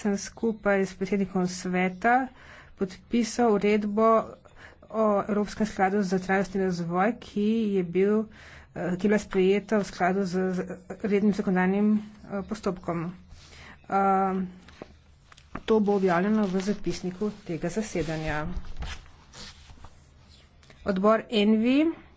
sem skupaj s predsednikom sveta podpisal uredbo o Evropskem skladu za trajnostni razvoj, ki je bil eh, ki je bila sprejeta v skladu z rednim zakonodajnim eh, postopkom. Eh, to bo objavljeno v zapisniku tega zasedanja. Odbor Envi